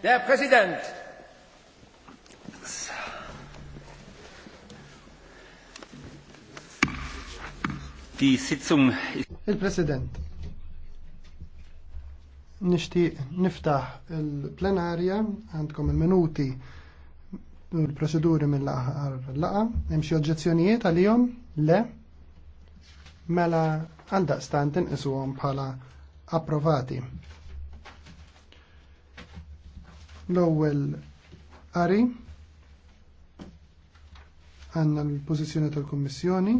Der Präsident! Die Sitzung. Il-President. Nishtiq niftaħ il-plenarja, għandkom il-minuti u l-proċeduri mill-aħħar laqa. Hemm xi oġġezzjonijiet għalihom? Le. Mela għandaq stant inqisuhom bħala approvati. L-ewwel Ari għandna l-pożizzjoni tal-Kummissjoni.